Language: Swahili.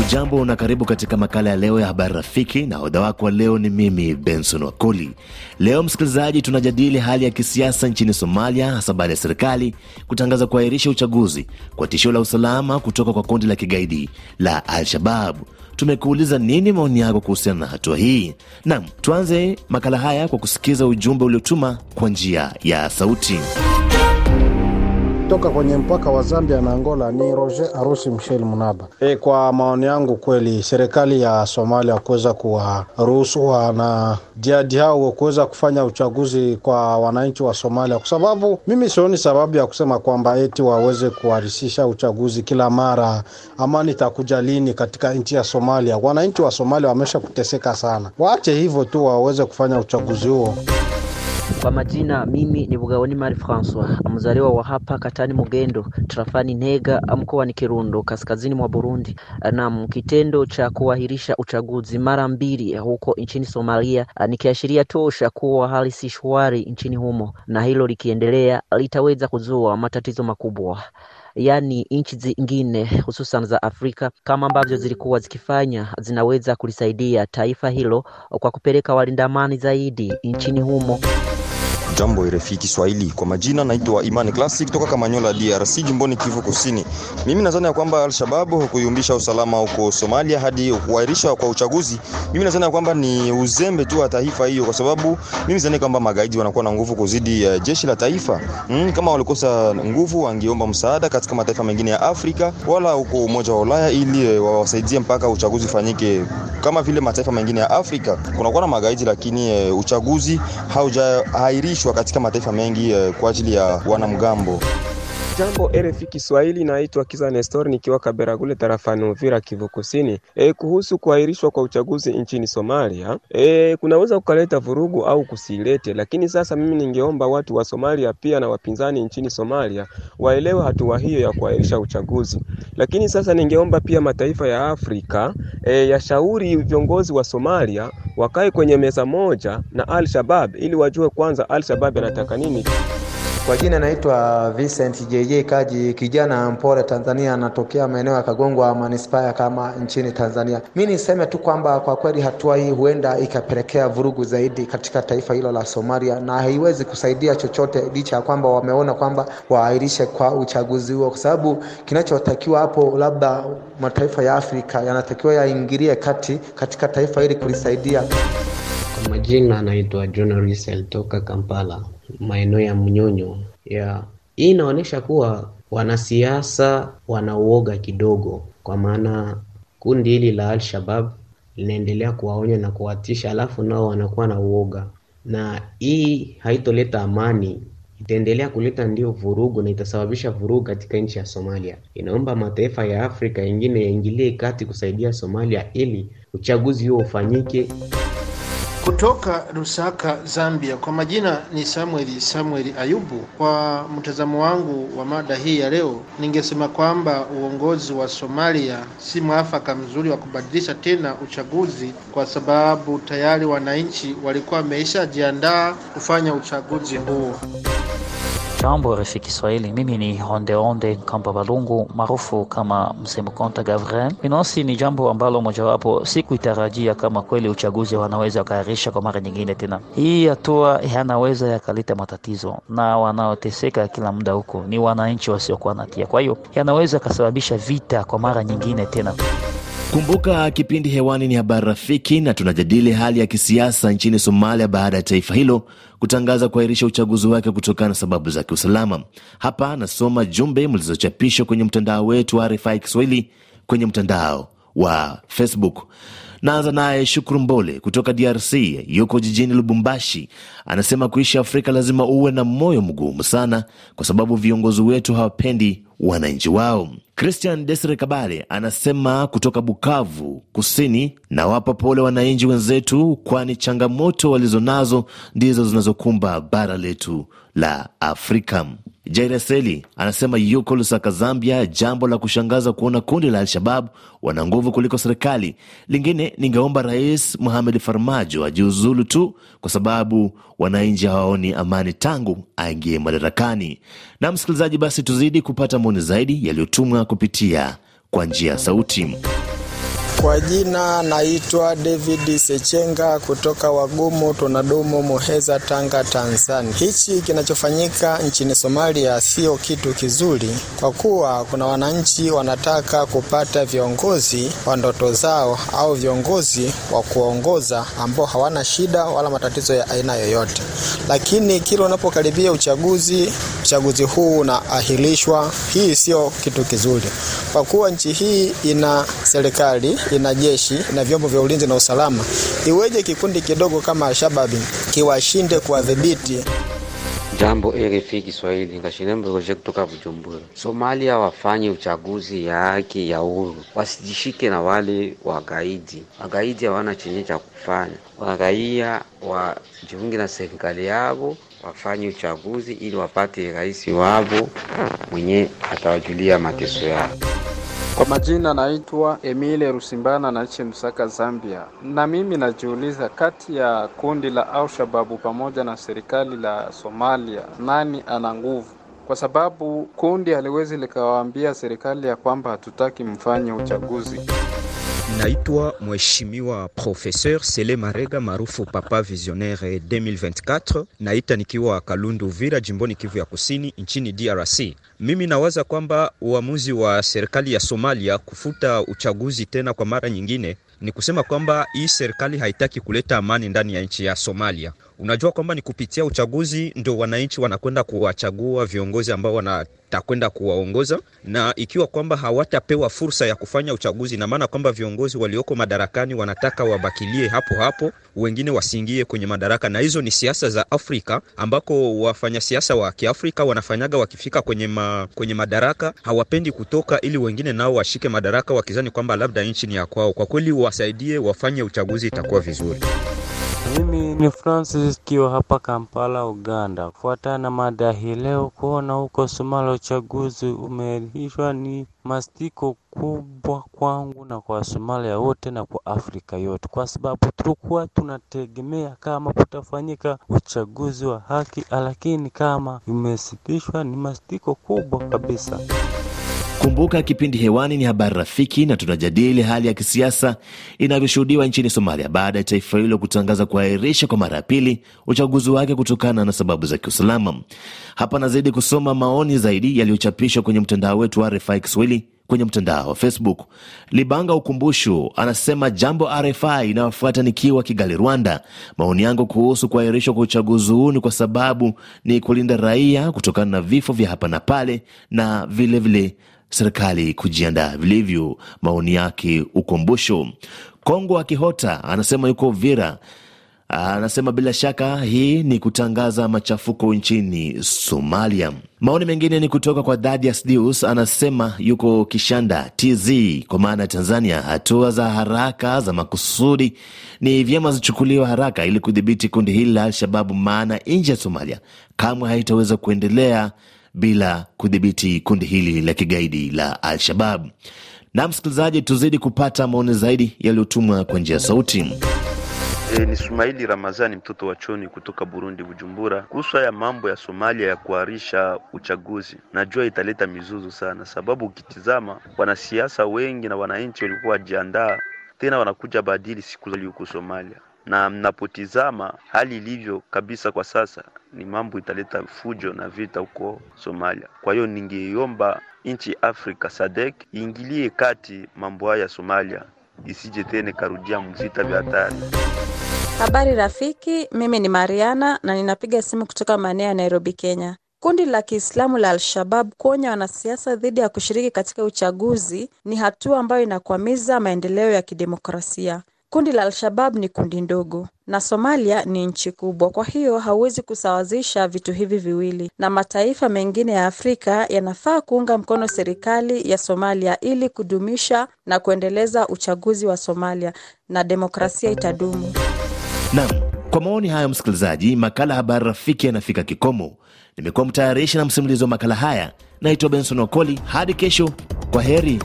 ujambo na karibu katika makala ya leo ya habari rafiki, na hodha wako wa leo ni mimi Benson Wakoli. Leo msikilizaji, tunajadili hali ya kisiasa nchini Somalia, hasa baada ya serikali kutangaza kuahirisha uchaguzi kwa tishio la usalama kutoka kwa kundi la kigaidi la Al-Shabab. Tumekuuliza nini maoni yako kuhusiana na hatua hii. Nam, tuanze makala haya kwa kusikiza ujumbe uliotuma kwa njia ya sauti kutoka kwenye mpaka wa Zambia na Angola ni Roger Arusi Michel Munaba. E, kwa maoni yangu kweli serikali ya Somalia kuweza kuwaruhusu wana jihadi hao kuweza kufanya uchaguzi kwa wananchi wa Somalia, kwa sababu mimi sioni sababu ya kusema kwamba eti waweze kuharisisha uchaguzi kila mara. Amani itakuja lini katika nchi ya Somalia? Wananchi wa Somalia wamesha kuteseka sana, waache hivyo tu waweze kufanya uchaguzi huo. Kwa majina mimi ni Bugaboni Mari Francois, mzaliwa wa hapa Katani Mugendo, tarafani nega mkoa ni Kirundo, kaskazini mwa Burundi. Naam, kitendo cha kuahirisha uchaguzi mara mbili huko nchini Somalia nikiashiria tosha kuwa hali si shwari nchini humo, na hilo likiendelea litaweza kuzua matatizo makubwa yaani nchi zingine hususan za Afrika kama ambavyo zilikuwa zikifanya zinaweza kulisaidia taifa hilo kwa kupeleka walinda amani zaidi nchini humo. Jambo RFI Kiswahili, kwa majina naitwa Imani Classic kutoka Kamanyola, DRC, jimboni Kivu Kusini. Mimi nadhani ya kwamba Al-Shabaab hukuyumbisha usalama huko Somalia hadi kuahirisha kwa uchaguzi. Mimi nadhani ya kwamba ni uzembe tu wa taifa hiyo, kwa sababu mimi nadhani kwamba magaidi wanakuwa na nguvu kuzidi uh, jeshi la taifa mm. Kama walikosa nguvu, wangeomba msaada katika mataifa mengine ya Afrika wala huko Umoja wa Ulaya ili uh, wawasaidie mpaka uchaguzi fanyike kama vile mataifa mengine ya Afrika. Kunakuwa na magaidi, lakini uh, uchaguzi haujaahirishwa kuhamishwa katika mataifa mengi eh, kwa ajili ya wanamgambo. Jambo RFI Kiswahili, naitwa Kiza Nestor nikiwa kule tarafani Uvira, Kivu Kusini. E, kuhusu kuahirishwa kwa uchaguzi nchini Somalia e, kunaweza kukaleta vurugu au kusilete, lakini sasa mimi ningeomba watu wa Somalia pia na wapinzani nchini Somalia waelewe hatua hiyo ya kuahirisha uchaguzi. Lakini sasa ningeomba pia mataifa ya Afrika e, eh, yashauri viongozi wa Somalia wakae kwenye meza moja na Al-Shabab ili wajue kwanza Al-Shabab anataka nini. Kwa jina naitwa Vincent JJ Kaji, kijana mpole Tanzania, anatokea maeneo ya Kagongwa manispaa ya kama nchini Tanzania. Mi niseme tu kwamba kwa kweli hatua hii huenda ikapelekea vurugu zaidi katika taifa hilo la Somalia na haiwezi kusaidia chochote, licha ya kwamba wameona kwamba waahirishe kwa uchaguzi huo, kwa sababu kinachotakiwa hapo, labda mataifa ya Afrika yanatakiwa yaingilie kati katika taifa hili kulisaidia. Kwa majina anaitwa Jonaris alitoka Kampala maeneo ya mnyonyo yeah. Hii inaonyesha kuwa wanasiasa wanauoga kidogo, kwa maana kundi hili la Al-Shabab linaendelea kuwaonya na kuwatisha, alafu nao wanakuwa na uoga, na hii haitoleta amani, itaendelea kuleta ndio vurugu na itasababisha vurugu katika nchi ya Somalia. Inaomba mataifa ya Afrika yengine yaingilie kati kusaidia Somalia ili uchaguzi huo ufanyike. Kutoka Lusaka, Zambia. Kwa majina ni Samuel Samuel Ayubu. Kwa mtazamo wangu wa mada hii ya leo, ningesema kwamba uongozi wa Somalia si mwafaka mzuri wa kubadilisha tena uchaguzi, kwa sababu tayari wananchi walikuwa wameishajiandaa kufanya uchaguzi huo. Jambo rafiki Kiswahili, mimi ni Hondeonde Nkamba Balungu maarufu kama Msemo Konta Gavrel. Binafsi ni jambo ambalo mojawapo sikuitarajia kama kweli uchaguzi wanaweza wakaahirisha kwa mara nyingine tena. Hii hatua yanaweza yakaleta matatizo, na wanaoteseka kila muda huko ni wananchi wasiokuwa na hatia, kwa hiyo yanaweza yakasababisha vita kwa mara nyingine tena. Kumbuka kipindi hewani ni habari rafiki, na tunajadili hali ya kisiasa nchini Somalia baada ya taifa hilo kutangaza kuahirisha uchaguzi wake kutokana na sababu za kiusalama. Hapa nasoma jumbe mlizochapishwa kwenye mtandao wetu wa RFI Kiswahili kwenye mtandao wa Facebook. Naanza naye Shukuru Mbole kutoka DRC, yuko jijini Lubumbashi. Anasema kuishi Afrika lazima uwe na moyo mgumu sana, kwa sababu viongozi wetu hawapendi wananchi wao. Christian Desire Kabale anasema kutoka Bukavu Kusini, nawapa pole wananchi wenzetu, kwani changamoto walizonazo ndizo zinazokumba bara letu la Afrika. jaireseli anasema yuko Lusaka, Zambia. Jambo la kushangaza kuona kundi la Al-Shababu wana nguvu kuliko serikali. Lingine ningeomba Rais Mohamed Farmajo ajiuzulu tu, kwa sababu wananchi hawaoni amani tangu aingie madarakani. Na msikilizaji, basi tuzidi kupata maoni zaidi yaliyotumwa kupitia kwa njia ya sauti. Kwa jina naitwa David Sechenga kutoka Wagumu tunadumu Muheza, Tanga, Tanzania. Hichi kinachofanyika nchini Somalia sio kitu kizuri, kwa kuwa kuna wananchi wanataka kupata viongozi wa ndoto zao au viongozi wa kuongoza ambao hawana shida wala matatizo ya aina yoyote, lakini kila unapokaribia uchaguzi uchaguzi huu unaahirishwa, hii sio kitu kizuri, kwa kuwa nchi hii ina serikali, ina jeshi na vyombo vya ulinzi na usalama. Iweje kikundi kidogo kama Alshababi kiwashinde kuwadhibiti? Jambo RFI Kiswahili, Ngashirembe kutoka Bujumbura. Somalia wafanye uchaguzi ya haki ya uhuru, wasijishike na wale wagaidi. Wagaidi hawana chenye cha kufanya, waraia wajiunge na serikali yao, wafanye uchaguzi ili wapate rais wavo mwenye atawajulia mateso yao. Kwa majina naitwa Emile Rusimbana, naishi Msaka, Zambia, na mimi najiuliza kati ya kundi la Al-Shababu pamoja na serikali la Somalia, nani ana nguvu? Kwa sababu kundi haliwezi likawaambia serikali ya kwamba hatutaki mfanye uchaguzi. Naitwa Mheshimiwa Professeur Sele Marega maarufu Papa Visionnaire 2024, naita nikiwa Kalundu Vira, jimboni Kivu ya Kusini, nchini DRC. Mimi nawaza kwamba uamuzi wa serikali ya Somalia kufuta uchaguzi tena kwa mara nyingine ni kusema kwamba hii serikali haitaki kuleta amani ndani ya nchi ya Somalia. Unajua kwamba ni kupitia uchaguzi ndio wananchi wanakwenda kuwachagua viongozi ambao wanatakwenda kuwaongoza, na ikiwa kwamba hawatapewa fursa ya kufanya uchaguzi, na maana kwamba viongozi walioko madarakani wanataka wabakilie hapo hapo, wengine wasiingie kwenye madaraka. Na hizo ni siasa za Afrika ambako wafanya siasa wa Kiafrika wanafanyaga wakifika kwenye, ma, kwenye madaraka hawapendi kutoka, ili wengine nao washike madaraka wakizani kwamba labda nchi ni ya kwao. Kwa kweli, wasaidie wafanye uchaguzi, itakuwa vizuri. Mimi ni Francis kiwa hapa Kampala, Uganda. Kufuatana na mada hii leo, kuona huko Somalia uchaguzi umeahirishwa ni mastiko kubwa kwangu na kwa Somalia wote na kwa Afrika yote, kwa sababu tulikuwa tunategemea kama kutafanyika uchaguzi wa haki, lakini kama imesitishwa ni mastiko kubwa kabisa. Kumbuka kipindi hewani ni Habari Rafiki, na tunajadili hali ya kisiasa inavyoshuhudiwa nchini Somalia baada ya taifa hilo kutangaza kuahirisha kwa mara ya pili uchaguzi wake kutokana na sababu za kiusalama. Hapa nazidi kusoma maoni zaidi yaliyochapishwa kwenye mtandao wetu wa RFI Kiswahili kwenye mtandao wa Facebook. Libanga Ukumbushu anasema jambo RFI inayofuata nikiwa Kigali, Rwanda. Maoni yangu kuhusu kuahirishwa kwa uchaguzi huu ni kwa sababu ni kulinda raia kutokana na vifo vya hapa na pale na vilevile vile serikali kujiandaa vilivyo. Maoni yake Ukumbusho Kongo Akihota anasema yuko vira Anasema bila shaka hii ni kutangaza machafuko nchini Somalia. Maoni mengine ni kutoka kwa Thadius Deus, anasema yuko Kishanda TZ, kwa maana ya Tanzania. Hatua za haraka za makusudi ni vyema zichukuliwa haraka ili kudhibiti kundi hili la Alshababu, maana nje ya Somalia kamwe haitaweza kuendelea bila kudhibiti kundi hili la kigaidi la Al-Shabab. Na msikilizaji, tuzidi kupata maoni zaidi yaliyotumwa kwa njia ya sauti. E, ni Sumaili Ramazani mtoto wa Choni kutoka Burundi, Bujumbura. Kuhusu haya mambo ya Somalia ya kuharisha uchaguzi, najua italeta mizuzu sana, sababu ukitizama wanasiasa wengi na wananchi walikuwa wajiandaa, tena wanakuja badili siku huko Somalia na mnapotizama hali ilivyo kabisa kwa sasa, ni mambo italeta fujo na vita huko Somalia. Kwa hiyo ningeiomba nchi Afrika Sadek iingilie kati mambo haya ya Somalia, isije tena karudia mvita vya hatari. Habari rafiki, mimi ni Mariana na ninapiga simu kutoka maeneo ya Nairobi, Kenya. Kundi la Kiislamu la Al-Shabab kuonya wanasiasa dhidi ya kushiriki katika uchaguzi ni hatua ambayo inakwamiza maendeleo ya kidemokrasia. Kundi la Al-Shabab ni kundi ndogo na Somalia ni nchi kubwa, kwa hiyo hauwezi kusawazisha vitu hivi viwili, na mataifa mengine ya Afrika yanafaa kuunga mkono serikali ya Somalia ili kudumisha na kuendeleza uchaguzi wa Somalia na demokrasia itadumu. Naam, kwa maoni hayo, msikilizaji, makala Habari Rafiki yanafika kikomo. Nimekuwa mtayarishi na msimulizi wa makala haya, naitwa Benson Okoli. Hadi kesho, kwa heri.